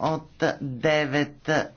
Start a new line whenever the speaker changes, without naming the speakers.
от 9